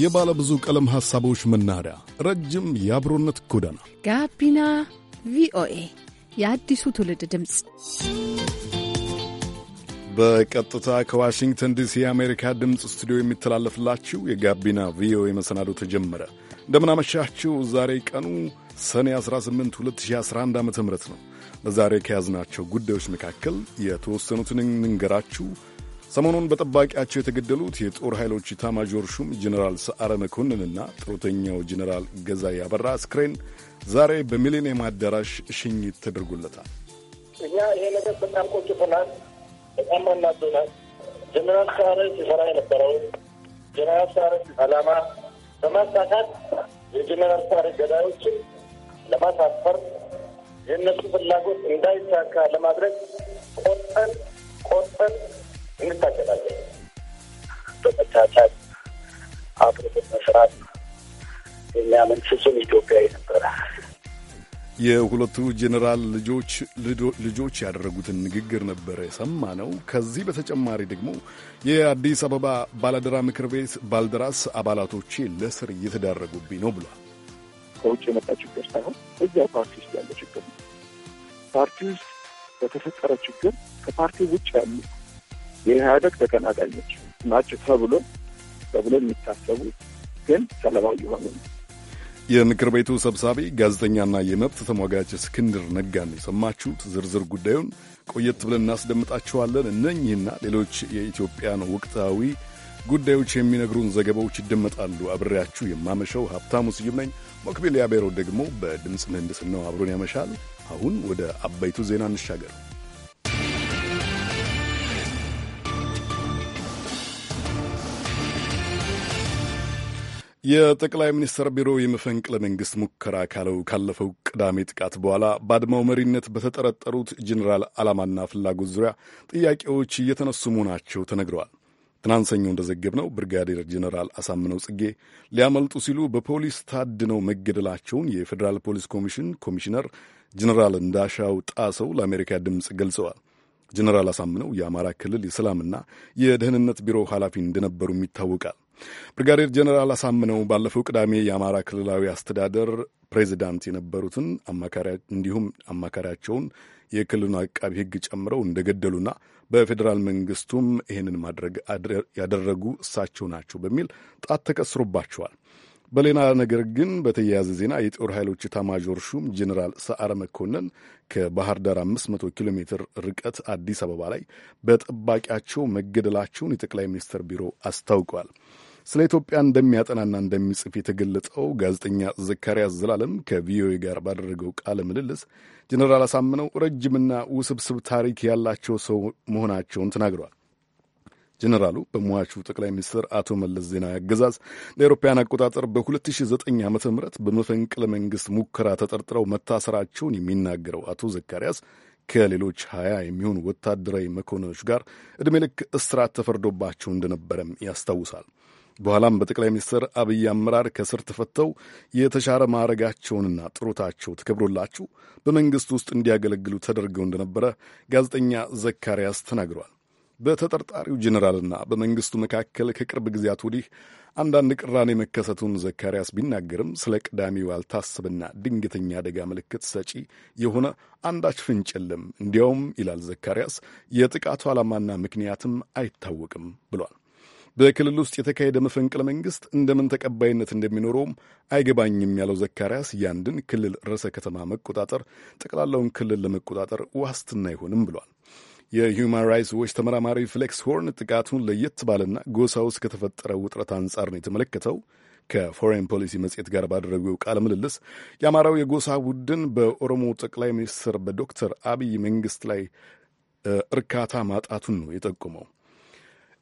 የባለ ብዙ ቀለም ሐሳቦች መናኸሪያ፣ ረጅም የአብሮነት ጎዳና ጋቢና ቪኦኤ የአዲሱ ትውልድ ድምፅ በቀጥታ ከዋሽንግተን ዲሲ የአሜሪካ ድምፅ ስቱዲዮ የሚተላለፍላችሁ የጋቢና ቪኦኤ መሰናዶ ተጀመረ። እንደምናመሻችሁ። ዛሬ ቀኑ ሰኔ 18 2011 ዓ ም ነው። በዛሬ ከያዝናቸው ጉዳዮች መካከል የተወሰኑትን እንንገራችሁ። ሰሞኑን በጠባቂያቸው የተገደሉት የጦር ኃይሎች ኢታማዦር ሹም ጀኔራል ሰዓረ መኮንንና ጡረተኛው ጀኔራል ገዛ ያበራ አስክሬን ዛሬ በሚሌኒየም አዳራሽ ሽኝት ተደርጎለታል። እኛ ይሄ ነገር በጣም ቆጭቶናል፣ በጣም አናዶናል። ጀኔራል ሰዓረ ሲሰራ የነበረው ጀኔራል ሰዓረ ዓላማ በማሳካት የጀኔራል ሰዓረ ገዳዮችን ለማሳፈር የእነሱ ፍላጎት እንዳይሳካ ለማድረግ ቆጥ መታገል በመቻቻል አብሮ በመስራት የሚያምን ፍጹም ኢትዮጵያዊ ነበረ። የሁለቱ ጄኔራል ልጆች ልጆች ያደረጉትን ንግግር ነበረ የሰማ ነው። ከዚህ በተጨማሪ ደግሞ የአዲስ አበባ ባላደራ ምክር ቤት ባልደራስ አባላቶቼ ለስር እየተዳረጉብኝ ነው ብሏል። ከውጭ የመጣ ችግር ሳይሆን እዚያው ፓርቲ ውስጥ ያለ ችግር ነው። ፓርቲ ውስጥ በተፈጠረ ችግር ከፓርቲ ውጭ ያሉ የኢህአደግ ተቀናቃኞች ናቸው ተብሎ ተብሎ የሚታሰቡ ግን ሰለባዊ የሆኑ የምክር ቤቱ ሰብሳቢ ጋዜጠኛና የመብት ተሟጋች እስክንድር ነጋን የሰማችሁት። ዝርዝር ጉዳዩን ቆየት ብለን እናስደምጣችኋለን። እነኚህና ሌሎች የኢትዮጵያን ወቅታዊ ጉዳዮች የሚነግሩን ዘገባዎች ይደመጣሉ። አብሬያችሁ የማመሸው ሀብታሙ ስዩም ነኝ። ሞክቢል ያቤሮ ደግሞ በድምፅ ምህንድስናው አብሮን ያመሻል። አሁን ወደ አበይቱ ዜና እንሻገር። የጠቅላይ ሚኒስትር ቢሮ የመፈንቅለ መንግስት ሙከራ ካለው ካለፈው ቅዳሜ ጥቃት በኋላ በአድማው መሪነት በተጠረጠሩት ጀኔራል ዓላማና ፍላጎት ዙሪያ ጥያቄዎች እየተነሱ መሆናቸው ተነግረዋል። ትናንት ሰኞ እንደዘገብነው ብርጋዴር ጀኔራል አሳምነው ጽጌ ሊያመልጡ ሲሉ በፖሊስ ታድነው መገደላቸውን የፌዴራል ፖሊስ ኮሚሽን ኮሚሽነር ጀኔራል እንዳሻው ጣሰው ለአሜሪካ ድምፅ ገልጸዋል። ጀኔራል አሳምነው የአማራ ክልል የሰላምና የደህንነት ቢሮ ኃላፊ እንደነበሩም ይታወቃል። ብርጋዴር ጀኔራል አሳምነው ባለፈው ቅዳሜ የአማራ ክልላዊ አስተዳደር ፕሬዚዳንት የነበሩትን እንዲሁም አማካሪያቸውን የክልሉን አቃቢ ሕግ ጨምረው እንደገደሉና በፌዴራል መንግስቱም ይህንን ማድረግ ያደረጉ እሳቸው ናቸው በሚል ጣት ተቀስሮባቸዋል። በሌላ ነገር ግን በተያያዘ ዜና የጦር ኃይሎች ታማዦር ሹም ጀኔራል ሰዓረ መኮንን ከባህር ዳር 500 ኪሎ ሜትር ርቀት አዲስ አበባ ላይ በጠባቂያቸው መገደላቸውን የጠቅላይ ሚኒስትር ቢሮ አስታውቋል። ስለ ኢትዮጵያ እንደሚያጠናና እንደሚጽፍ የተገለጸው ጋዜጠኛ ዘካርያስ ዘላለም ከቪኦኤ ጋር ባደረገው ቃለ ምልልስ ጀኔራል አሳምነው ረጅምና ውስብስብ ታሪክ ያላቸው ሰው መሆናቸውን ተናግረዋል። ጀኔራሉ በሟቹ ጠቅላይ ሚኒስትር አቶ መለስ ዜናዊ አገዛዝ ለአውሮፓውያን አቆጣጠር በ2009 ዓ ም በመፈንቅለ መንግሥት ሙከራ ተጠርጥረው መታሰራቸውን የሚናገረው አቶ ዘካርያስ ከሌሎች ሀያ የሚሆኑ ወታደራዊ መኮንኖች ጋር ዕድሜ ልክ እስራት ተፈርዶባቸው እንደነበረም ያስታውሳል። በኋላም በጠቅላይ ሚኒስትር አብይ አመራር ከስር ተፈተው የተሻረ ማዕረጋቸውንና ጥሮታቸው ተከብሮላቸው በመንግሥት ውስጥ እንዲያገለግሉ ተደርገው እንደነበረ ጋዜጠኛ ዘካርያስ ተናግሯል። በተጠርጣሪው ጀኔራልና በመንግሥቱ መካከል ከቅርብ ጊዜያት ወዲህ አንዳንድ ቅራኔ መከሰቱን ዘካርያስ ቢናገርም ስለ ቅዳሜው ያልታሰበና ድንገተኛ አደጋ ምልክት ሰጪ የሆነ አንዳች ፍንጭ የለም። እንዲያውም ይላል ዘካርያስ የጥቃቱ ዓላማና ምክንያትም አይታወቅም ብሏል። በክልል ውስጥ የተካሄደ መፈንቅለ መንግስት እንደምን ተቀባይነት እንደሚኖረውም አይገባኝም ያለው ዘካርያስ ያንድን ክልል ርዕሰ ከተማ መቆጣጠር ጠቅላላውን ክልል ለመቆጣጠር ዋስትና አይሆንም ብሏል። የሁማን ራይትስ ዎች ተመራማሪ ፍሌክስ ሆርን ጥቃቱን ለየት ባለና ጎሳ ውስጥ ከተፈጠረ ውጥረት አንጻር ነው የተመለከተው። ከፎሬን ፖሊሲ መጽሔት ጋር ባደረገው ቃለ ምልልስ የአማራው የጎሳ ቡድን በኦሮሞ ጠቅላይ ሚኒስትር በዶክተር አብይ መንግስት ላይ እርካታ ማጣቱን ነው የጠቆመው።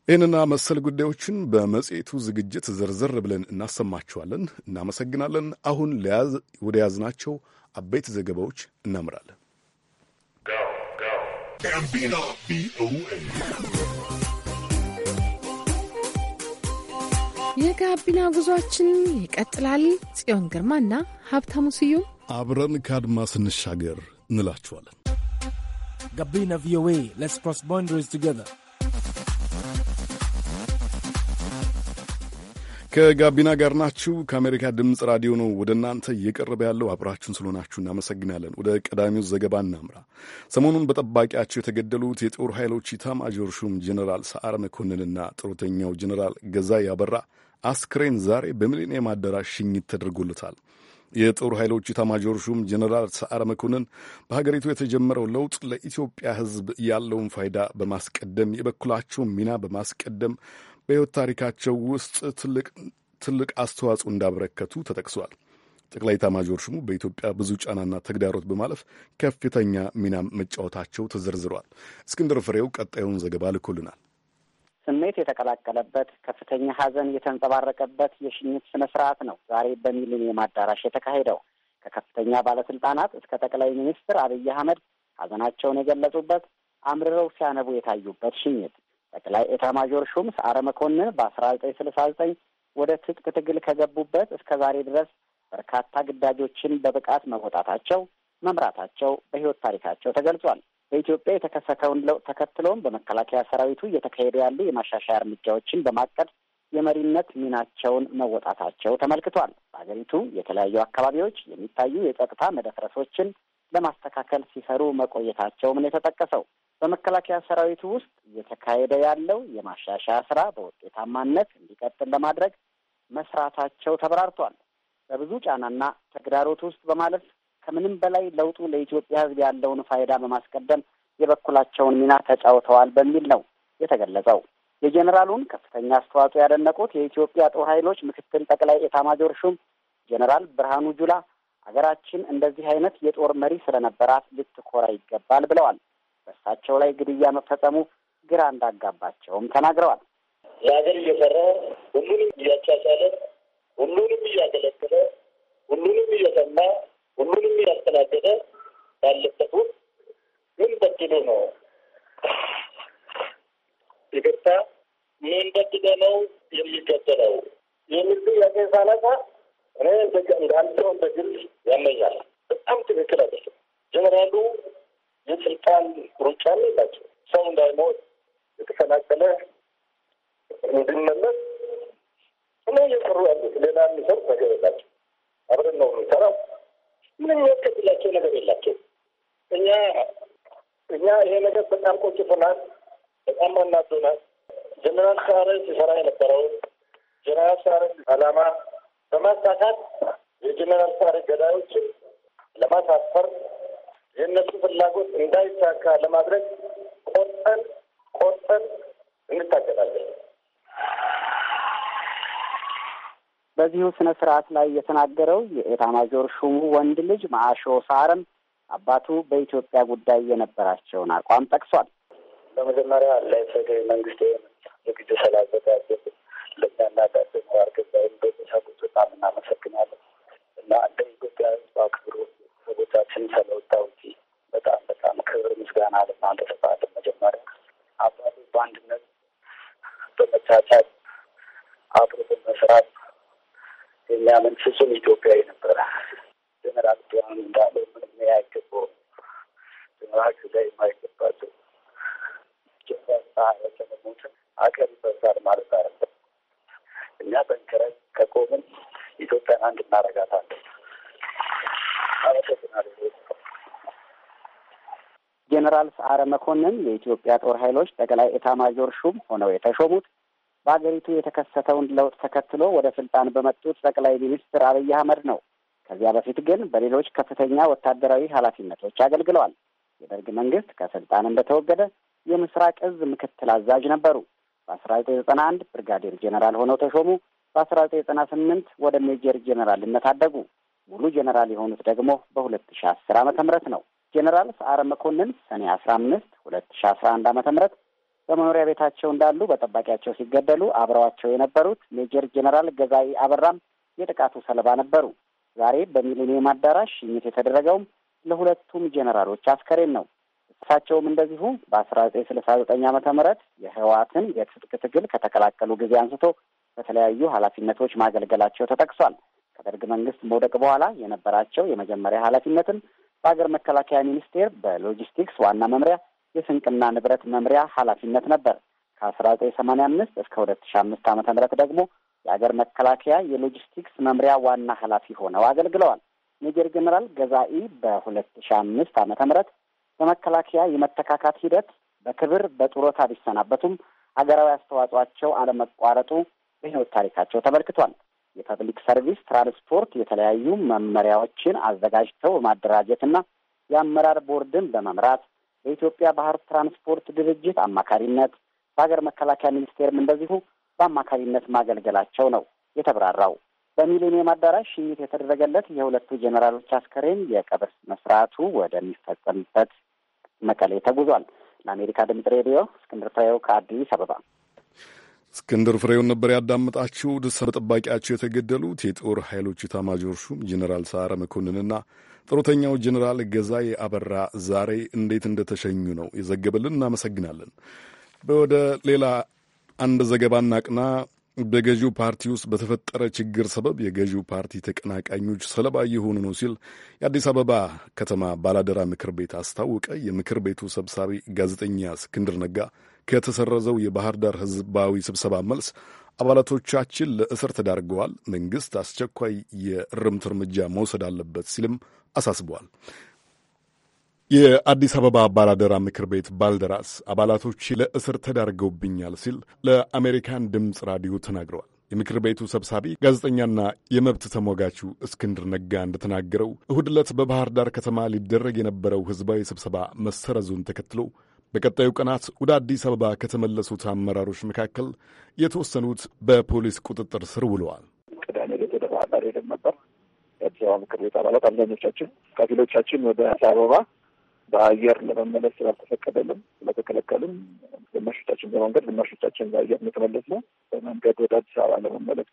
ይህንና መሰል ጉዳዮችን በመጽሔቱ ዝግጅት ዝርዝር ብለን እናሰማችኋለን። እናመሰግናለን። አሁን ወደ ያዝናቸው አበይት ዘገባዎች እናምራለን። የጋቢና ጉዟችን ይቀጥላል። ጽዮን ግርማና ሀብታሙ ስዩም አብረን ከአድማ ስንሻገር እንላችኋለን። ጋቢና ቪኦኤ ከጋቢና ጋር ናችሁ። ከአሜሪካ ድምፅ ራዲዮ ነው ወደ እናንተ እየቀረበ ያለው። አብራችሁን ስለሆናችሁ እናመሰግናለን። ወደ ቀዳሚው ዘገባ እናምራ። ሰሞኑን በጠባቂያቸው የተገደሉት የጦር ኃይሎች ኢታማዦር ሹም ጀኔራል ሰዓረ መኮንንና ጡረተኛው ጀኔራል ገዛ ያበራ አስክሬን ዛሬ በሚሊኒየም አዳራሽ ሽኝት ተደርጎለታል። የጦር ኃይሎች ኢታማጆር ሹም ጀኔራል ሰዓረ መኮንን በሀገሪቱ የተጀመረው ለውጥ ለኢትዮጵያ ሕዝብ ያለውን ፋይዳ በማስቀደም የበኩላቸውን ሚና በማስቀደም በሕይወት ታሪካቸው ውስጥ ትልቅ ትልቅ አስተዋጽኦ እንዳበረከቱ ተጠቅሷል። ጠቅላይ ኤታማዦር ሹሙ በኢትዮጵያ ብዙ ጫናና ተግዳሮት በማለፍ ከፍተኛ ሚና መጫወታቸው ተዘርዝሯል። እስክንድር ፍሬው ቀጣዩን ዘገባ ልኮልናል። ስሜት የተቀላቀለበት ከፍተኛ ሐዘን የተንጸባረቀበት የሽኝት ስነ ስርዓት ነው ዛሬ በሚሊኒየም አዳራሽ የተካሄደው። ከከፍተኛ ባለስልጣናት እስከ ጠቅላይ ሚኒስትር አብይ አህመድ ሐዘናቸውን የገለጹበት አምርረው ሲያነቡ የታዩበት ሽኝት ጠቅላይ ኤታማዦር ሹም ሰዓረ መኮንን በአስራ ዘጠኝ ስልሳ ዘጠኝ ወደ ትጥቅ ትግል ከገቡበት እስከ ዛሬ ድረስ በርካታ ግዳጆችን በብቃት መወጣታቸው፣ መምራታቸው በሕይወት ታሪካቸው ተገልጿል። በኢትዮጵያ የተከሰተውን ለውጥ ተከትሎም በመከላከያ ሰራዊቱ እየተካሄዱ ያሉ የማሻሻያ እርምጃዎችን በማቀድ የመሪነት ሚናቸውን መወጣታቸው ተመልክቷል። በሀገሪቱ የተለያዩ አካባቢዎች የሚታዩ የጸጥታ መደፍረሶችን ለማስተካከል ሲሰሩ መቆየታቸውም ነው የተጠቀሰው። በመከላከያ ሰራዊቱ ውስጥ እየተካሄደ ያለው የማሻሻያ ስራ በውጤታማነት እንዲቀጥል ለማድረግ መስራታቸው ተብራርቷል። በብዙ ጫናና ተግዳሮት ውስጥ በማለፍ ከምንም በላይ ለውጡ ለኢትዮጵያ ሕዝብ ያለውን ፋይዳ በማስቀደም የበኩላቸውን ሚና ተጫውተዋል በሚል ነው የተገለጸው። የጄኔራሉን ከፍተኛ አስተዋጽኦ ያደነቁት የኢትዮጵያ ጦር ኃይሎች ምክትል ጠቅላይ ኤታማጆር ሹም ጄኔራል ብርሃኑ ጁላ ሀገራችን እንደዚህ አይነት የጦር መሪ ስለነበራት ልትኮራ ይገባል ብለዋል። በእሳቸው ላይ ግድያ መፈጸሙ ግራ እንዳጋባቸውም ተናግረዋል። ለሀገር እየሰራ ሁሉንም እያቻቻለ ሁሉንም እያገለገለ ሁሉንም እየሰማ ሁሉንም እያስተናገደ ባለበት ምን በድሎ ነው? ይቅርታ ምን በድሎ ነው የሚገደለው? የምግብ ያቄ ሳላሳ እኔ እንደ በግልጽ ሰው ያመኛል። በጣም ትክክል አይደለም። ጀነራሉ የስልጣን ሩጫ የላቸው። ሰው እንዳይሞት የተፈናቀለ እንድመለስ እና እየሰሩ ያሉት ሌላ የሚሰሩት ነገር የላቸው። አብረን ነው የምንሰራው። ምንም የሚያስከትላቸው ነገር የላቸው። እኛ እኛ ይሄ ነገር በጣም ቆጭቶናል፣ በጣም አናዶናል። ጀነራል ሳረ ሲሰራ የነበረውን ጀነራል ሳረ አላማ በማሳካት የጀኔራል ሳሬ ገዳዮችን ለማሳፈር የእነሱ ፍላጎት እንዳይሳካ ለማድረግ ቆርጠን ቆርጠን እንታገላለን። በዚሁ ስነ ስርዓት ላይ የተናገረው የኤታ ማጆር ሹሙ ወንድ ልጅ ማአሾ ሳርም አባቱ በኢትዮጵያ ጉዳይ የነበራቸውን አቋም ጠቅሷል። በመጀመሪያ ላይፈ መንግስት ዝግጁ ስላዘጋጀ ለእኛና ለእንደኛ እርገዛ በሚሰጡት በጣም እናመሰግናለን እና እንደ ኢትዮጵያ ሕዝብ አክብሮ ሰቦቻችን ስለወጣው እንጂ በጣም በጣም ክብር ምስጋና ለእናንተ ተባለን። መጀመሪያ አባቶች በአንድነት በመቻቻል አብሮ በመስራት የሚያምን ፍጹም ኢትዮጵያዊ ነበረ። ጀነራል ቢሆን እንዳለ ምንም ያይገባው ጀነራል ላይ የማይገባቸው ጀነራል ለመሞትን አገር ይበዛል ማለት አንድ እናደርጋታለን። ጄኔራል ሰዓረ መኮንን የኢትዮጵያ ጦር ኃይሎች ጠቅላይ ማጆር ሹም ሆነው የተሾሙት በአገሪቱ የተከሰተውን ለውጥ ተከትሎ ወደ ስልጣን በመጡት ጠቅላይ ሚኒስትር አብይ አህመድ ነው። ከዚያ በፊት ግን በሌሎች ከፍተኛ ወታደራዊ ኃላፊነቶች አገልግለዋል። የደርግ መንግስት ከስልጣን እንደተወገደ የምስራቅ እዝ ምክትል አዛዥ ነበሩ። በአስራ ዘጠኝ ዘጠና አንድ ብርጋዴር ጄኔራል ሆነው ተሾሙ። በአስራ ዘጠኝ ዘጠና ስምንት ወደ ሜጀር ጄኔራልነት አደጉ። ሙሉ ጄኔራል የሆኑት ደግሞ በሁለት ሺ አስር ዓመተ ምህረት ነው። ጄኔራል ሰዓረ መኮንን ሰኔ አስራ አምስት ሁለት ሺ አስራ አንድ ዓመተ ምህረት በመኖሪያ ቤታቸው እንዳሉ በጠባቂያቸው ሲገደሉ አብረዋቸው የነበሩት ሜጀር ጄኔራል ገዛኢ አበራም የጥቃቱ ሰለባ ነበሩ። ዛሬ በሚሊኒየም አዳራሽ ሽኝት የተደረገውም ለሁለቱም ጄኔራሎች አስከሬን ነው። እሳቸውም እንደዚሁ በአስራ ዘጠኝ ስልሳ ዘጠኝ ዓመተ ምህረት የህወሓትን የትጥቅ ትግል ከተቀላቀሉ ጊዜ አንስቶ በተለያዩ ኃላፊነቶች ማገልገላቸው ተጠቅሷል። ከደርግ መንግስት መውደቅ በኋላ የነበራቸው የመጀመሪያ ኃላፊነትም በሀገር መከላከያ ሚኒስቴር በሎጂስቲክስ ዋና መምሪያ የስንቅና ንብረት መምሪያ ኃላፊነት ነበር። ከአስራ ዘጠኝ ሰማንያ አምስት እስከ ሁለት ሺ አምስት ዓመተ ምህረት ደግሞ የሀገር መከላከያ የሎጂስቲክስ መምሪያ ዋና ኃላፊ ሆነው አገልግለዋል። ሜጀር ጀነራል ገዛኢ በሁለት ሺ አምስት ዓመተ ምህረት በመከላከያ የመተካካት ሂደት በክብር በጡረታ ቢሰናበቱም ሀገራዊ አስተዋጽኦአቸው አለመቋረጡ በህይወት ታሪካቸው ተመልክቷል። የፐብሊክ ሰርቪስ ትራንስፖርት የተለያዩ መመሪያዎችን አዘጋጅተው በማደራጀትና የአመራር ቦርድን በመምራት በኢትዮጵያ ባህር ትራንስፖርት ድርጅት አማካሪነት በሀገር መከላከያ ሚኒስቴርም እንደዚሁ በአማካሪነት ማገልገላቸው ነው የተብራራው። በሚሊኒየም አዳራሽ ሽኝት የተደረገለት የሁለቱ ጄኔራሎች አስከሬን የቀብር ስነ ስርዓቱ ወደሚፈጸምበት መቀሌ ተጉዟል። ለአሜሪካ ድምጽ ሬዲዮ እስክንድር ፍሬው ከአዲስ አበባ እስክንድር ፍሬውን ነበር ያዳመጣችሁ። ድሳ በጠባቂያቸው የተገደሉት የጦር ኃይሎች ኢታማጆር ሹም ጀኔራል ሰዓረ መኮንንና ጦረተኛው ጀኔራል ገዛ አበራ ዛሬ እንዴት እንደተሸኙ ነው የዘገበልን። እናመሰግናለን። ወደ ሌላ አንድ ዘገባ እናቅና። በገዢው ፓርቲ ውስጥ በተፈጠረ ችግር ሰበብ የገዢው ፓርቲ ተቀናቃኞች ሰለባ እየሆኑ ነው ሲል የአዲስ አበባ ከተማ ባላደራ ምክር ቤት አስታወቀ። የምክር ቤቱ ሰብሳቢ ጋዜጠኛ እስክንድር ነጋ ከተሰረዘው የባህር ዳር ህዝባዊ ስብሰባ መልስ አባላቶቻችን ለእስር ተዳርገዋል፣ መንግሥት አስቸኳይ የእርምት እርምጃ መውሰድ አለበት ሲልም አሳስበዋል። የአዲስ አበባ አባላደራ ምክር ቤት ባልደራስ አባላቶች ለእስር ተዳርገውብኛል ሲል ለአሜሪካን ድምፅ ራዲዮ ተናግረዋል። የምክር ቤቱ ሰብሳቢ ጋዜጠኛና የመብት ተሟጋቹ እስክንድር ነጋ እንደተናገረው እሁድ ዕለት በባህር ዳር ከተማ ሊደረግ የነበረው ህዝባዊ ስብሰባ መሰረዙን ተከትሎ በቀጣዩ ቀናት ወደ አዲስ አበባ ከተመለሱት አመራሮች መካከል የተወሰኑት በፖሊስ ቁጥጥር ስር ውለዋል። ቅዳሜ ዕለት ወደ ባህር ዳር ሄደን ነበር። የአዲስ አበባ ምክር ቤት አባላት አብዛኞቻችን፣ ከፊሎቻችን ወደ አዲስ አበባ በአየር ለመመለስ ስላልተፈቀደልን ስለተከለከልን፣ ግማሾቻችን በመንገድ ግማሾቻችን በአየር የተመለስ ነው። በመንገድ ወደ አዲስ አበባ ለመመለስ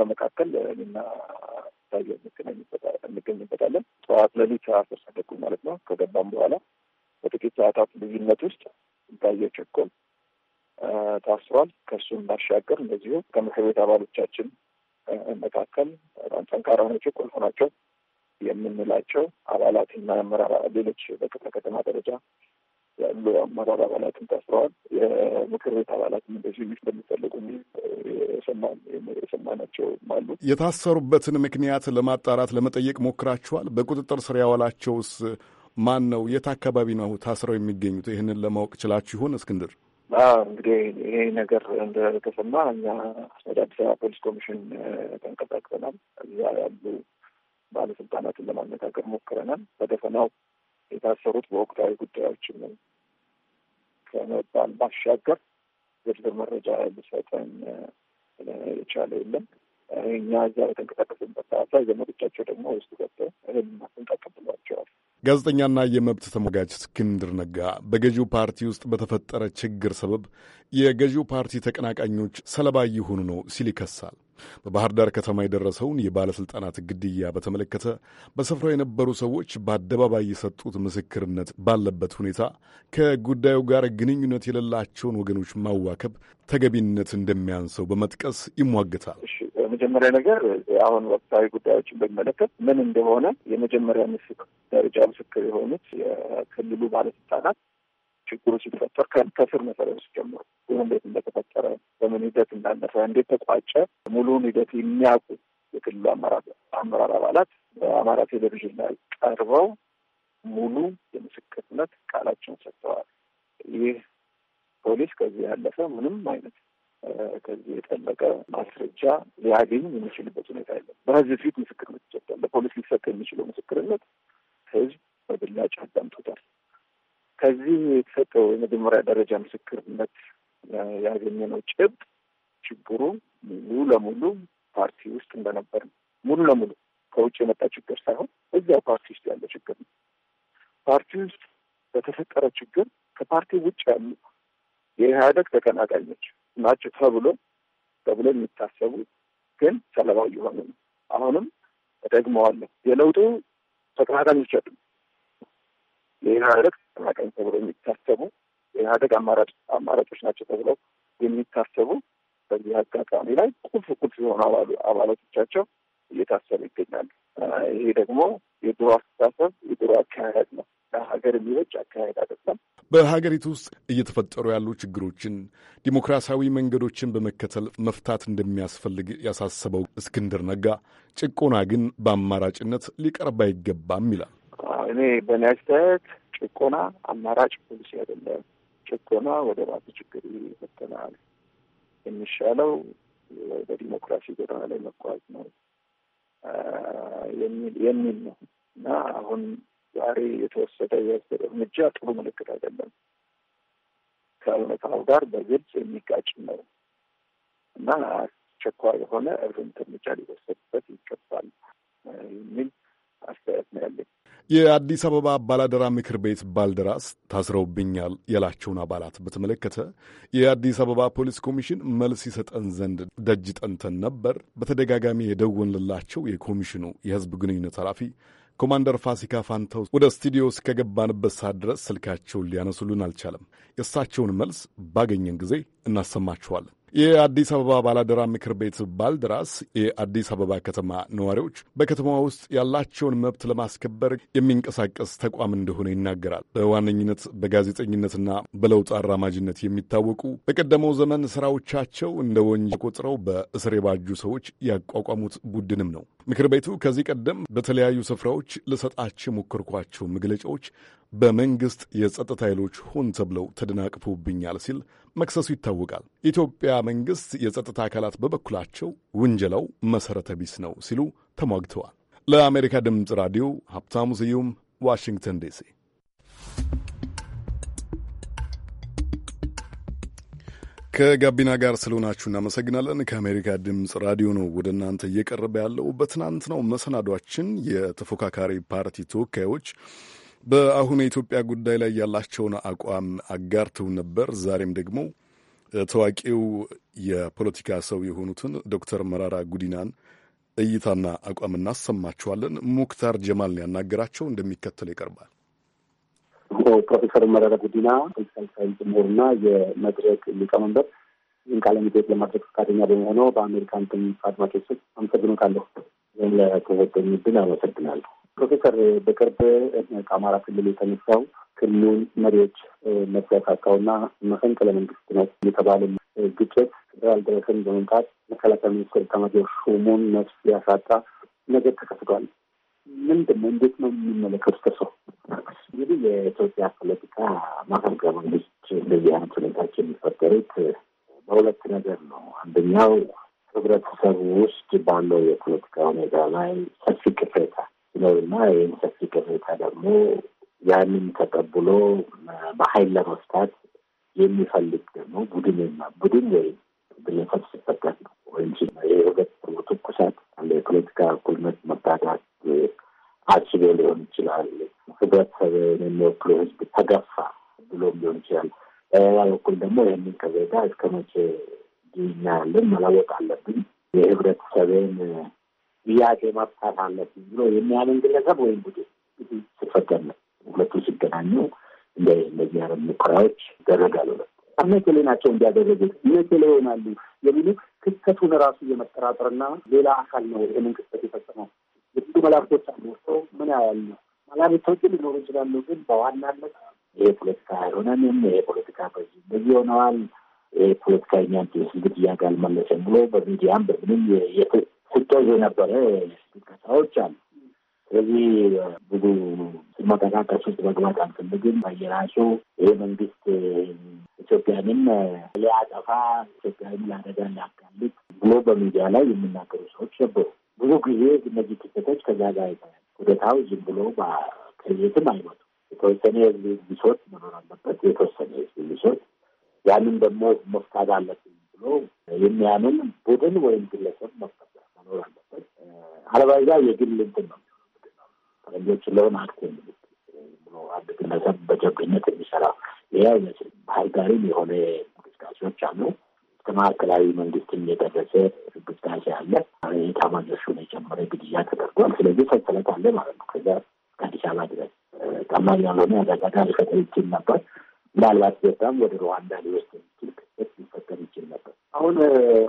ነው መካከል እኔና ታየ እንገኝበታለን። ጠዋት ሌሊት አስር ሰዓት ተኩል ማለት ነው ከገባም በኋላ በጥቂት ሰዓታት ልዩነት ውስጥ ይታየ ቸኮል ታስሯል። ከእሱም ባሻገር እንደዚሁ ከምክር ቤት አባሎቻችን መካከል በጣም ጠንካራ ጠንካራኖች ቁልፍ ናቸው የምንላቸው አባላትና አመራር ሌሎች ከተማ ደረጃ ያሉ አመራር አባላትም ታስረዋል። የምክር ቤት አባላት እንደዚህ እንደዚሁ እንደሚፈልጉ የሰማናቸው አሉ። የታሰሩበትን ምክንያት ለማጣራት ለመጠየቅ ሞክራችኋል? በቁጥጥር ስር ያዋላቸውስ ማን ነው? የት አካባቢ ነው ታስረው የሚገኙት? ይህንን ለማወቅ ችላችሁ ይሆን እስክንድር? እንግዲህ ይሄ ነገር እንደተሰማ እኛ ወደ አዲስ አበባ ፖሊስ ኮሚሽን ተንቀሳቅሰናል። እዛ ያሉ ባለስልጣናትን ለማነጋገር ሞክረናል። በደፈናው የታሰሩት በወቅታዊ ጉዳዮችም ከመባል ባሻገር ዝርዝር መረጃ ሊሰጠን የቻለ የለም። እኛ እዚያ በተንቀሳቀስንበት ሰዓት ላይ ዘመዶቻቸው ደግሞ ውስጥ ገብተው ጋዜጠኛና የመብት ተሟጋች እስክንድር ነጋ በገዢው ፓርቲ ውስጥ በተፈጠረ ችግር ሰበብ የገዢው ፓርቲ ተቀናቃኞች ሰለባ እየሆኑ ነው ሲል ይከሳል። በባህር ዳር ከተማ የደረሰውን የባለሥልጣናት ግድያ በተመለከተ በስፍራው የነበሩ ሰዎች በአደባባይ የሰጡት ምስክርነት ባለበት ሁኔታ ከጉዳዩ ጋር ግንኙነት የሌላቸውን ወገኖች ማዋከብ ተገቢነት እንደሚያንሰው በመጥቀስ ይሟግታል። በመጀመሪያ ነገር አሁን ወቅታዊ ጉዳዮችን በሚመለከት ምን እንደሆነ የመጀመሪያ ምስክ ደረጃ ምስክር የሆኑት የክልሉ ባለስልጣናት ችግሩ ሲፈጠር ከስር መሰረት ሲጀምሩ እንዴት እንደተፈጠረ በምን ሂደት እንዳለፈ እንዴት ተቋጨ ሙሉውን ሂደት የሚያውቁ የክልሉ አመራር አባላት በአማራ ቴሌቪዥን ላይ ቀርበው ሙሉ የምስክርነት ቃላቸውን ሰጥተዋል። ይህ ፖሊስ ከዚህ ያለፈ ምንም አይነት ከዚህ የጠለቀ ማስረጃ ሊያገኝ የሚችልበት ሁኔታ የለም። በህዝብ ፊት ምስክርነት ይሰጣል። ለፖሊስ ሊሰጥ የሚችለው ምስክርነት ህዝብ በብላጭ አዳምቶታል። ከዚህ የተሰጠው የመጀመሪያ ደረጃ ምስክርነት ያገኘነው ጭብጥ ችግሩ ሙሉ ለሙሉ ፓርቲ ውስጥ እንደነበር ነው። ሙሉ ለሙሉ ከውጭ የመጣ ችግር ሳይሆን እዚያው ፓርቲ ውስጥ ያለ ችግር ነው። ፓርቲ ውስጥ በተፈጠረ ችግር ከፓርቲ ውጭ ያሉ የኢህአደግ ተቀናቃኞች ናቸው ተብሎ ተብሎ የሚታሰቡ ግን ሰለባው እየሆኑ ነው። አሁንም እደግመዋለሁ፣ የለውጡ ተቀናቃኞች አሉ። የኢህአደግ ተቀናቃኝ ተብሎ የሚታሰቡ የኢህአደግ አማራጭ አማራጮች ናቸው ተብሎ የሚታሰቡ በዚህ አጋጣሚ ላይ ቁልፍ ቁልፍ የሆኑ አባላቶቻቸው እየታሰሩ ይገኛሉ። ይሄ ደግሞ የድሮ አስተሳሰብ የድሮ አካሄድ ነው። ሀገር የሚበጅ አካሄድ አይደለም። በሀገሪቱ ውስጥ እየተፈጠሩ ያሉ ችግሮችን ዲሞክራሲያዊ መንገዶችን በመከተል መፍታት እንደሚያስፈልግ ያሳሰበው እስክንድር ነጋ ጭቆና ግን በአማራጭነት ሊቀርብ አይገባም ይላል። እኔ በእኔ አስተያየት ጭቆና አማራጭ ፖሊሲ አይደለም። ጭቆና ወደ ባሰ ችግር ይፈተናል። የሚሻለው በዲሞክራሲ ጎዳና ላይ መጓዝ ነው የሚል የሚል ነው እና አሁን ዛሬ የተወሰደ የህዝብ እርምጃ ጥሩ ምልክት አይደለም። ከእውነታው ጋር በግልጽ የሚጋጭ ነው እና አስቸኳይ የሆነ እርምት እርምጃ ሊወሰድበት ይገባል የሚል አስተያየት ነው ያለኝ። የአዲስ አበባ ባላደራ ምክር ቤት ባልደራስ ታስረውብኛል ያላቸውን አባላት በተመለከተ የአዲስ አበባ ፖሊስ ኮሚሽን መልስ ይሰጠን ዘንድ ደጅ ጠንተን ነበር። በተደጋጋሚ የደወንልላቸው የኮሚሽኑ የህዝብ ግንኙነት ኃላፊ ኮማንደር ፋሲካ ፋንተው ወደ ስቱዲዮ እስከገባንበት ሰዓት ድረስ ስልካቸውን ሊያነሱልን አልቻለም። የእሳቸውን መልስ ባገኘን ጊዜ እናሰማችኋለን። የአዲስ አበባ ባላደራ ምክር ቤት ባልደራስ የአዲስ አበባ ከተማ ነዋሪዎች በከተማ ውስጥ ያላቸውን መብት ለማስከበር የሚንቀሳቀስ ተቋም እንደሆነ ይናገራል። በዋነኝነት በጋዜጠኝነትና በለውጥ አራማጅነት የሚታወቁ በቀደመው ዘመን ስራዎቻቸው እንደ ወንጀል ቆጥረው በእስር የባጁ ሰዎች ያቋቋሙት ቡድንም ነው። ምክር ቤቱ ከዚህ ቀደም በተለያዩ ስፍራዎች ልሰጣቸው የሞከርኳቸው መግለጫዎች በመንግስት የጸጥታ ኃይሎች ሆን ተብለው ተደናቅፎብኛል ሲል መክሰሱ ይታወቃል። የኢትዮጵያ መንግስት የጸጥታ አካላት በበኩላቸው ውንጀላው መሠረተ ቢስ ነው ሲሉ ተሟግተዋል። ለአሜሪካ ድምፅ ራዲዮ ሀብታሙ ስዩም ዋሽንግተን ዲሲ። ከጋቢና ጋር ስለሆናችሁ እናመሰግናለን። ከአሜሪካ ድምፅ ራዲዮ ነው ወደ እናንተ እየቀረበ ያለው። በትናንትናው መሰናዷችን የተፎካካሪ ፓርቲ ተወካዮች በአሁኑ የኢትዮጵያ ጉዳይ ላይ ያላቸውን አቋም አጋርተው ነበር። ዛሬም ደግሞ ታዋቂው የፖለቲካ ሰው የሆኑትን ዶክተር መራራ ጉዲናን እይታና አቋም እናሰማችኋለን። ሙክታር ጀማል ያናገራቸው እንደሚከተል ይቀርባል። ፕሮፌሰር መረራ ጉዲና ፖለቲካል ሳይንስ ምሁርና የመድረክ ሊቀመንበር ይህን ቃለ መጠይቅ ለማድረግ ፈቃደኛ በመሆነው በአሜሪካን ድምፅ አድማጮች ስም አመሰግኖታለሁ። ይህም ለተሰጠኝ ዕድል አመሰግናለሁ። ፕሮፌሰር በቅርብ ከአማራ ክልል የተነሳው ክልሉን መሪዎች መበታታውና መፈንቅለ መንግስት ነው የተባለ ግጭት ፌደራል ድረስን በመምጣት መከላከያ ሚኒስትር ተመሪዎች ሹሙን ነፍስ ያሳጣ ነገር ተከስቷል። ምንድን ነው እንዴት ነው የሚመለከቱ ተሰ እንግዲህ የኢትዮጵያ ፖለቲካ መፈንቅለ መንግስት እንደዚህ አይነት ሁኔታዎች የሚፈጠሩት በሁለት ነገር ነው። አንደኛው ህብረተሰቡ ውስጥ ባለው የፖለቲካ ሁኔታ ላይ ሰፊ ቅሬታ ነውና ይህን ሰፊ ቅሬታ ደግሞ ያንን ተቀብሎ በሀይል ለመፍታት የሚፈልግ ደግሞ ቡድን ና ቡድን ወይም ብልፈት ሲፈጠር ነው ወይም የህብረት ትኩሳት አለ። የፖለቲካ እኩልነት መጋጋት አችሎ ሊሆን ይችላል። ህብረተሰብን የሚወክሉ ህዝብ ተገፋ ብሎም ሊሆን ይችላል። በሌላ በኩል ደግሞ ይህንን ከዜጋ እስከ መቼ ጊኛ ያለን መለወጥ አለብን የህብረተሰብን ጥያቄ መፍታት አለብኝ ብሎ የሚያምን ግለሰብ ወይም ቡድን ሲፈጠር ነው። ሁለቱ ሲገናኙ እንደዚህ አይነት ሙከራዎች ይደረጋሉ። እነቴሌ ናቸው እንዲያደረጉት እነቴሌ ይሆናሉ የሚሉ ክስተቱን ራሱ የመጠራጠርና ሌላ አካል ነው ይህንን ክስተት የፈጸመው ብዙ መላክቶች አልወሰው ምን ያያል ነው መላክቶች ሊኖሩ ይችላሉ። ግን በዋናነት ይሄ ፖለቲካ አይሆነንም፣ ይሄ ፖለቲካ በዚህ እንደዚህ ሆነዋል፣ ይሄ ፖለቲካ እኛን ትስልት እያጋል መለሰን ብሎ በሚዲያም በምንም ሲጓዝ የነበረ ቅስቀሳዎች አሉ። ስለዚህ ብዙ ሲመቀሳቀሱ ውስጥ መግባት አልፈልግም። በየራሱ ይህ መንግስት ኢትዮጵያንም ሊያጠፋ ኢትዮጵያንም ለአደጋ ሊያጋልጥ ብሎ በሚዲያ ላይ የሚናገሩ ሰዎች ነበሩ። ብዙ ጊዜ እነዚህ ክስተቶች ከዛ ጋር ይታያል። ዝም ብሎ ከየትም አይመጡ። የተወሰነ የህዝብ ብሶት መኖር አለበት። የተወሰነ የህዝብ ብሶት ያንን ደግሞ መፍታት አለብን ብሎ የሚያምን ቡድን ወይም ግለሰብ መፍታት መኖር አለበት። አለበዛ የግል እንትን ነው ፈረንጆች ለሆን አድኮ ብሎ አንድ ግለሰብ በጀብነት የሚሰራ ይህ አይነት ባህር ዳርም የሆነ እንቅስቃሴዎች አሉ። እስከ ማዕከላዊ መንግስትም የደረሰ እንቅስቃሴ አለ። የታማኞቹን የጨመረ ግድያ ተደርጓል። ስለዚህ ሰንሰለት አለ ማለት ነው። ከዛ ከአዲስ አበባ ድረስ ቀላል ያልሆነ አደጋ ሊፈጠር ይችል ነበር። ምናልባት በጣም ወደ ሩዋንዳ ሊወስድ አሁን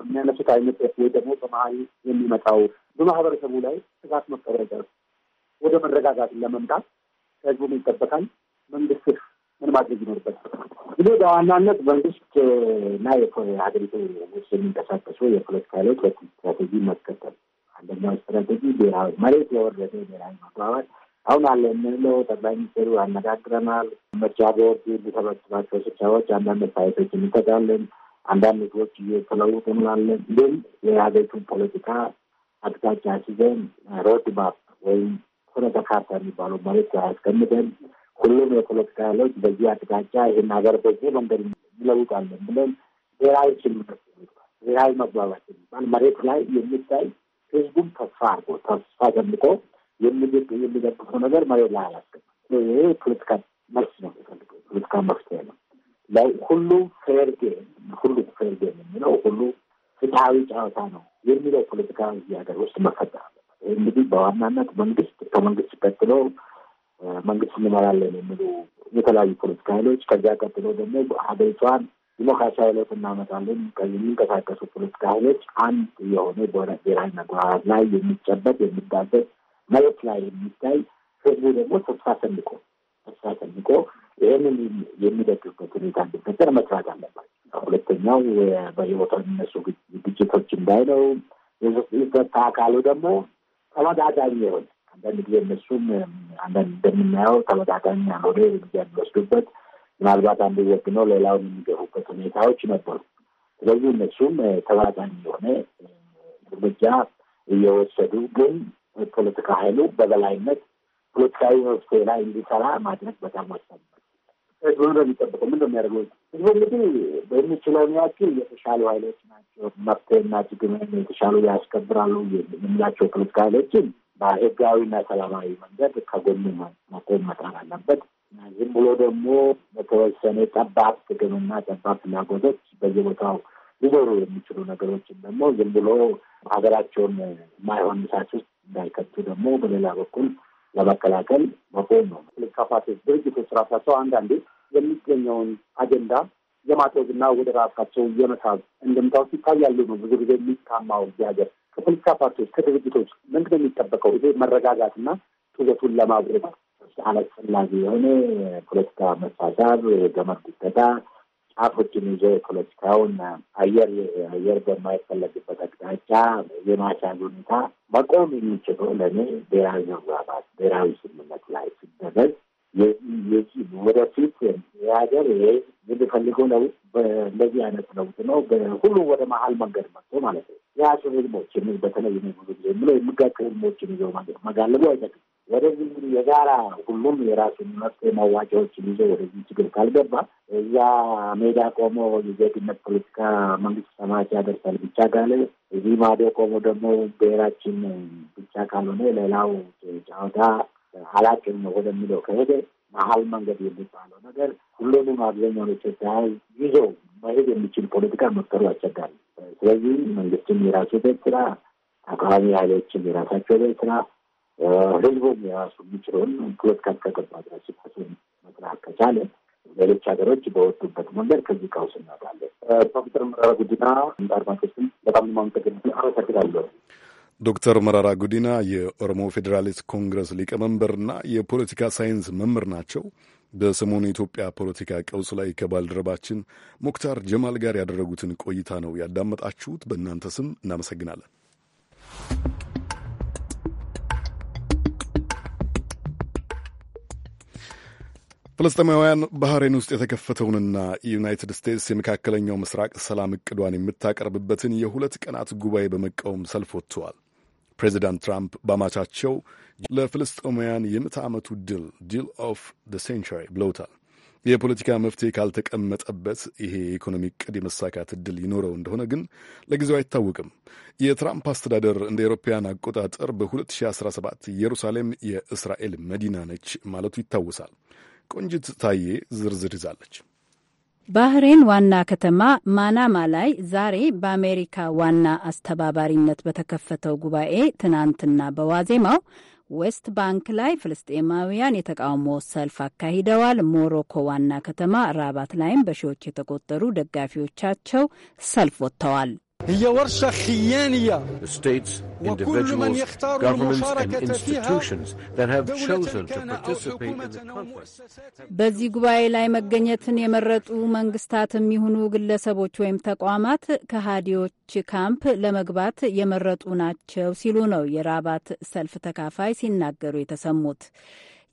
የሚያነሱት አይነት ወይ ደግሞ በመሀል የሚመጣው በማህበረሰቡ ላይ ስጋት መቀበረጃ ወደ መረጋጋት ለመምጣት ከህዝቡ ይጠበቃል። መንግስት ምን ማድረግ ይኖርበታል? እንግዲህ በዋናነት መንግስት እና የሀገሪቱ ውስጥ የሚንቀሳቀሱ የፖለቲካ ላይ ስትራቴጂ መከተል አንደኛው ስትራቴጂ ብሔራዊ መሬት የወረደ ብሔራዊ መግባባት አሁን አለ የምንለው ጠቅላይ ሚኒስትሩ አነጋግረናል። ምርጫ ቦርድ የሚሰበስባቸው ስብሰባዎች አንዳንድ ሳይቶች እንተጋለን አንዳንድ ህዝቦች እየተለወጡ ምናለን ግን የሀገሪቱ ፖለቲካ አቅጣጫ ሲዘን ሮድ ማፕ ወይም ሁነተ ካርታ የሚባለው መሬት አስቀምጠን ሁሉም የፖለቲካ ያለች በዚህ አቅጣጫ ይህን ሀገር በዚህ መንገድ ይለውጣለን ብለን ብሔራዊ ስምምነት ብሔራዊ መግባባት የሚባል መሬት ላይ የሚታይ ህዝቡም ተስፋ አርጎ ተስፋ ሰንቆ የሚደግፈው ነገር መሬት ላይ አላስቀምጥ። ይሄ ፖለቲካ መልስ ነው የሚፈልገው ፖለቲካ መፍትሄ ነው። ሁሉም ፌር ጌም ሁሉ ፌር የምንለው ሁሉ ፍትሐዊ ጨዋታ ነው የሚለው ፖለቲካ እዚህ ሀገር ውስጥ መፈጠር አለበት። እንግዲህ በዋናነት መንግስት ከመንግስት ቀጥሎ መንግስት እንመራለን የሚሉ የተለያዩ ፖለቲካ ኃይሎች፣ ከዚያ ቀጥሎ ደግሞ ሀገሪቷን ዲሞክራሲያዊ ለውጥ እናመጣለን የሚንቀሳቀሱ ፖለቲካ ኃይሎች አንድ የሆነ ብሔራዊ መግባባት ላይ የሚጨበጥ የሚዳበት መሬት ላይ የሚታይ ህዝቡ ደግሞ ተስፋ ሰንቆ ተስፋ ሰንቆ ይህንን የሚደግፍበት ሁኔታ እንዲፈጠር መስራት አለባቸው። ሁለተኛው በህይወቷ የሚነሱ ግጭቶች እንዳይነው የጸጥታ አካሉ ደግሞ ተመጣጣኝ ይሆን። አንዳንድ ጊዜ እነሱም አንዳንድ እንደምናየው ተመጣጣኝ ያልሆነ ጊዜ የሚወስዱበት ምናልባት አንዱ ወግ ነው ሌላውን የሚገቡበት ሁኔታዎች ነበሩ። ስለዚህ እነሱም ተመጣጣኝ የሆነ እርምጃ እየወሰዱ ግን ፖለቲካ ኃይሉ በበላይነት ፖለቲካዊ መፍትሄ ላይ እንዲሰራ ማድረግ በጣም ወሳኝ ነው። ህዝቡ እንደሚጠብቀው ምን እንደሚያደርገው ህዝብ እንግዲህ በሚችለውን ያክል የተሻሉ ኃይሎች ናቸው መፍትሄና ችግርን የተሻሉ ያስከብራሉ የምንላቸው ፖለቲካ ኃይሎችን በህጋዊና ሰላማዊ መንገድ ከጎኑ መቆም መጣር አለበት። ዝም ብሎ ደግሞ በተወሰነ ጠባብ ጥቅምና ጠባብ ፍላጎቶች በየቦታው ሊኖሩ የሚችሉ ነገሮችን ደግሞ ዝም ብሎ ሀገራቸውን የማይሆን እሳት ውስጥ እንዳይከቱ ደግሞ በሌላ በኩል ለመከላከል መቆም ነው። ፖለቲካ ድርጅቶች ራሳቸው አንዳንዴ የሚገኘውን አጀንዳ የማጥወዝ የማጥወዝና ወደ ራሳቸው የመሳብ እንደምታወስ ይታያሉ ነው ብዙ ጊዜ የሚታማው ሀገር ከፖለቲካ ፓርቲዎች ከድርጅቶች ምንድን ነው የሚጠበቀው? ይሄ መረጋጋትና ጡዘቱን ለማብረድ አላስፈላጊ የሆነ ፖለቲካ መሳሳብ፣ ገመድ ጉተታ፣ ጫፎችን ይዞ የፖለቲካውን አየር አየር በማይፈለግበት አቅጣጫ የማሻል ሁኔታ መቆም የሚችለው ለእኔ ብሔራዊ መግባባት፣ ብሔራዊ ስምምነት ላይ ሲደረግ ወደፊት የሀገር የሚፈልገው ለውጥ በእንደዚህ አይነት ለውጥ ነው። ሁሉ ወደ መሀል መንገድ መጥቶ ማለት ነው። የአስር ህልሞች የሚል በተለይ ብዙ ጊዜ የምለው የሚጋጩ ህልሞችን ይዘው መጋለቡ አይጠቅም። ወደዚህ የጋራ ሁሉም የራሱን መፍትሄ መዋጫዎችን ይዞ ወደዚህ ችግር ካልገባ እዛ ሜዳ ቆሞ የዜግነት ፖለቲካ መንግስት ሰማች ያደርሳል ብቻ ጋለ እዚህ ማዶ ቆሞ ደግሞ ብሔራችን ብቻ ካልሆነ ሌላው ጫዋታ ሀላቂም ነው ወደሚለው ከሄደ መሀል መንገድ የሚባለው ነገር ሁሉንም አብዛኛውን ኢትዮጵያ ይዘው መሄድ የሚችል ፖለቲካ መፍጠሩ ያስቸጋል። ስለዚህ መንግስትም የራሱ ቤት ስራ፣ አካባቢ ኃይሎችም የራሳቸው ቤት ስራ፣ ህዝቡም የራሱ የሚችለውን ክሎት ከገባ ድረስ ራሱን መስራት ከቻለ ሌሎች ሀገሮች በወጡበት መንገድ ከዚህ ቀውስ እናጣለን። ፕሮፌሰር መረራ ጉዲና አድማጮችም በጣም ማመሰግናለሁ። አመሰግናለሁ። ዶክተር መራራ ጉዲና የኦሮሞ ፌዴራሊስት ኮንግረስ ሊቀመንበርና የፖለቲካ ሳይንስ መምህር ናቸው። በሰሞኑ የኢትዮጵያ ፖለቲካ ቀውስ ላይ ከባልደረባችን ሙክታር ጀማል ጋር ያደረጉትን ቆይታ ነው ያዳመጣችሁት። በእናንተ ስም እናመሰግናለን። ፍልስጤማውያን ባህሬን ውስጥ የተከፈተውንና ዩናይትድ ስቴትስ የመካከለኛው ምስራቅ ሰላም እቅዷን የምታቀርብበትን የሁለት ቀናት ጉባኤ በመቃወም ሰልፍ ወጥተዋል። ፕሬዚዳንት ትራምፕ በአማቻቸው ለፍልስጤማውያን የምዕተ ዓመቱ ድል ዲል ኦፍ ዘ ሴንቸሪ ብለውታል። የፖለቲካ መፍትሄ ካልተቀመጠበት ይሄ የኢኮኖሚ ቅድ የመሳካት እድል ይኖረው እንደሆነ ግን ለጊዜው አይታወቅም። የትራምፕ አስተዳደር እንደ አውሮፓውያን አቆጣጠር በ2017 ኢየሩሳሌም የእስራኤል መዲና ነች ማለቱ ይታወሳል። ቆንጅት ታዬ ዝርዝር ይዛለች። ባህሬን ዋና ከተማ ማናማ ላይ ዛሬ በአሜሪካ ዋና አስተባባሪነት በተከፈተው ጉባኤ ትናንትና በዋዜማው ዌስት ባንክ ላይ ፍልስጤማውያን የተቃውሞ ሰልፍ አካሂደዋል። ሞሮኮ ዋና ከተማ ራባት ላይም በሺዎች የተቆጠሩ ደጋፊዎቻቸው ሰልፍ ወጥተዋል። هي ورشة خيانية states, individuals, governments and institutions that have chosen to participate in the conference. በዚህ ጉባኤ ላይ መገኘትን የመረጡ መንግስታትም ይሁኑ ግለሰቦች ወይም ተቋማት ከሃዲዎች ካምፕ ለመግባት የመረጡ ናቸው ሲሉ ነው የራባት ሰልፍ ተካፋይ ሲናገሩ የተሰሙት።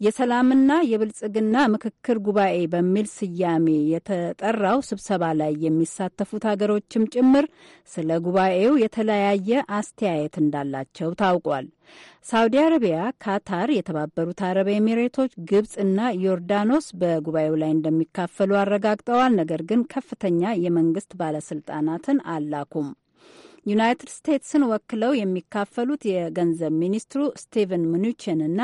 የሰላምና የብልጽግና ምክክር ጉባኤ በሚል ስያሜ የተጠራው ስብሰባ ላይ የሚሳተፉት ሀገሮችም ጭምር ስለ ጉባኤው የተለያየ አስተያየት እንዳላቸው ታውቋል። ሳውዲ አረቢያ፣ ካታር፣ የተባበሩት አረብ ኤሚሬቶች፣ ግብጽና ዮርዳኖስ በጉባኤው ላይ እንደሚካፈሉ አረጋግጠዋል። ነገር ግን ከፍተኛ የመንግስት ባለስልጣናትን አላኩም። ዩናይትድ ስቴትስን ወክለው የሚካፈሉት የገንዘብ ሚኒስትሩ ስቲቨን ምኑቺን እና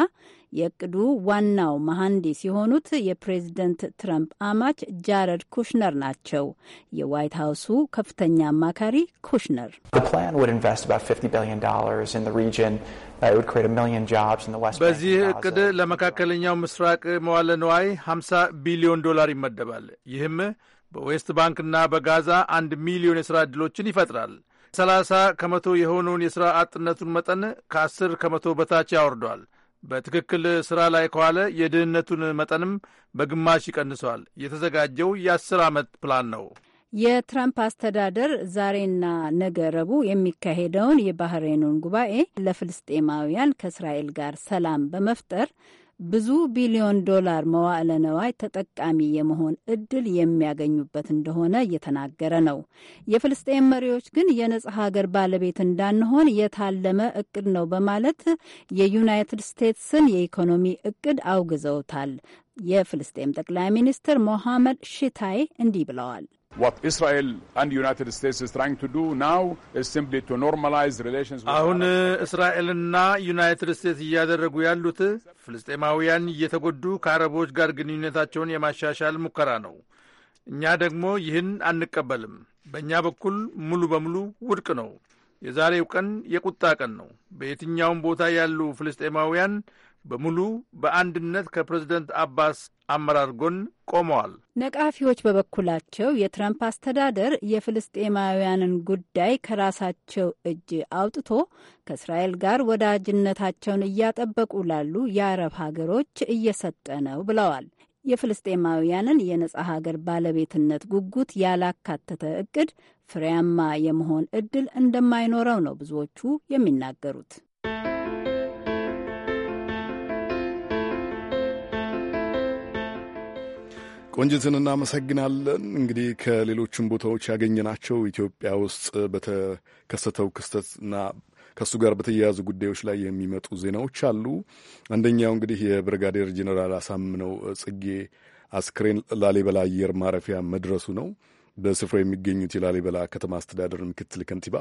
የእቅዱ ዋናው መሐንዲስ የሆኑት የፕሬዝደንት ትራምፕ አማች ጃረድ ኩሽነር ናቸው። የዋይት ሀውሱ ከፍተኛ አማካሪ ኩሽነር በዚህ እቅድ ለመካከለኛው ምስራቅ መዋለ ነዋይ 50 ቢሊዮን ዶላር ይመደባል። ይህም በዌስት ባንክና በጋዛ አንድ ሚሊዮን የሥራ ዕድሎችን ይፈጥራል። 30 ከመቶ የሆነውን የሥራ አጥነቱን መጠን ከ10 ከመቶ በታች ያወርዷል። በትክክል ሥራ ላይ ከዋለ የድህነቱን መጠንም በግማሽ ይቀንሰዋል። የተዘጋጀው የአስር ዓመት ፕላን ነው። የትራምፕ አስተዳደር ዛሬና ነገ ረቡዕ የሚካሄደውን የባህሬኑን ጉባኤ ለፍልስጤማውያን ከእስራኤል ጋር ሰላም በመፍጠር ብዙ ቢሊዮን ዶላር መዋዕለ ነዋይ ተጠቃሚ የመሆን እድል የሚያገኙበት እንደሆነ እየተናገረ ነው። የፍልስጤም መሪዎች ግን የነጻ ሀገር ባለቤት እንዳንሆን የታለመ እቅድ ነው በማለት የዩናይትድ ስቴትስን የኢኮኖሚ እቅድ አውግዘውታል። የፍልስጤም ጠቅላይ ሚኒስትር ሞሐመድ ሽታይ እንዲህ ብለዋል። አሁን እስራኤልና ዩናይትድ ስቴትስ እያደረጉ ያሉት ፍልስጤማውያን እየተጎዱ ከአረቦች ጋር ግንኙነታቸውን የማሻሻል ሙከራ ነው። እኛ ደግሞ ይህን አንቀበልም። በእኛ በኩል ሙሉ በሙሉ ውድቅ ነው። የዛሬው ቀን የቁጣ ቀን ነው። በየትኛውም ቦታ ያሉ ፍልስጤማውያን በሙሉ በአንድነት ከፕሬዝደንት አባስ አመራር ጎን ቆመዋል። ነቃፊዎች በበኩላቸው የትራምፕ አስተዳደር የፍልስጤማውያንን ጉዳይ ከራሳቸው እጅ አውጥቶ ከእስራኤል ጋር ወዳጅነታቸውን እያጠበቁ ላሉ የአረብ ሀገሮች እየሰጠ ነው ብለዋል። የፍልስጤማውያንን የነጻ ሀገር ባለቤትነት ጉጉት ያላካተተ እቅድ ፍሬያማ የመሆን እድል እንደማይኖረው ነው ብዙዎቹ የሚናገሩት። ቆንጅትን እናመሰግናለን። እንግዲህ ከሌሎችም ቦታዎች ያገኘናቸው ኢትዮጵያ ውስጥ በተከሰተው ክስተትና ከእሱ ጋር በተያያዙ ጉዳዮች ላይ የሚመጡ ዜናዎች አሉ። አንደኛው እንግዲህ የብርጋዴር ጀኔራል አሳምነው ጽጌ አስክሬን ላሊበላ አየር ማረፊያ መድረሱ ነው። በስፍራው የሚገኙት የላሊበላ ከተማ አስተዳደር ምክትል ከንቲባ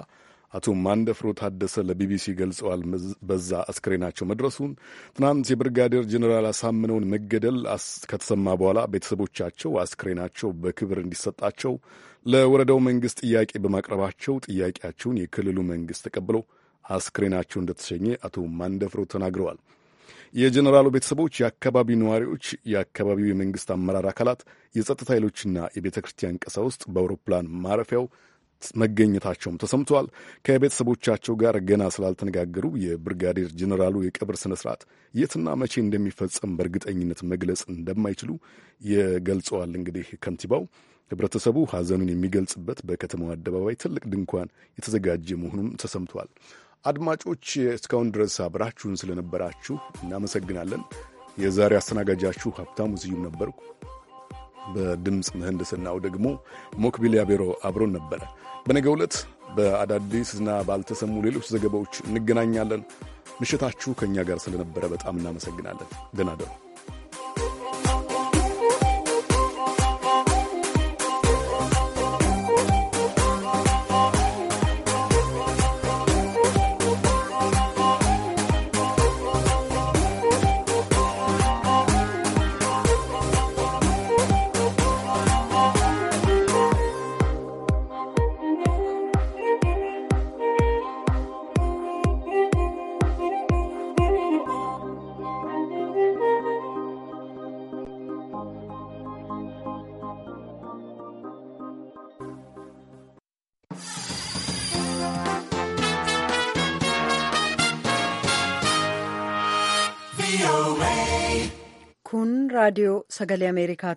አቶ ማንደፍሮ ታደሰ ለቢቢሲ ገልጸዋል። በዛ አስክሬናቸው መድረሱን ትናንት የብርጋዴር ጀኔራል አሳምነውን መገደል ከተሰማ በኋላ ቤተሰቦቻቸው አስክሬናቸው በክብር እንዲሰጣቸው ለወረዳው መንግስት ጥያቄ በማቅረባቸው ጥያቄያቸውን የክልሉ መንግስት ተቀብለው አስክሬናቸው እንደተሸኘ አቶ ማንደፍሮ ተናግረዋል። የጀኔራሉ ቤተሰቦች፣ የአካባቢ ነዋሪዎች፣ የአካባቢው የመንግስት አመራር አካላት፣ የጸጥታ ኃይሎችና የቤተ ክርስቲያን ቀሳውስት በአውሮፕላን ማረፊያው መገኘታቸውም ተሰምቷል። ከቤተሰቦቻቸው ጋር ገና ስላልተነጋገሩ የብርጋዴር ጀኔራሉ የቀብር ስነ ስርዓት የትና መቼ እንደሚፈጸም በእርግጠኝነት መግለጽ እንደማይችሉ የገልጸዋል። እንግዲህ ከንቲባው ህብረተሰቡ ሀዘኑን የሚገልጽበት በከተማው አደባባይ ትልቅ ድንኳን የተዘጋጀ መሆኑም ተሰምቷል። አድማጮች እስካሁን ድረስ አብራችሁን ስለነበራችሁ እናመሰግናለን። የዛሬ አስተናጋጃችሁ ሀብታሙ ስዩም ነበርኩ። በድምፅ ምህንድስናው ደግሞ ሞክቢሊያ ቢሮ አብሮን ነበረ። በነገው ዕለት በአዳዲስና ባልተሰሙ ሌሎች ዘገባዎች እንገናኛለን። ምሽታችሁ ከእኛ ጋር ስለነበረ በጣም እናመሰግናለን። ደህና radio સગલે અમેરિકાથી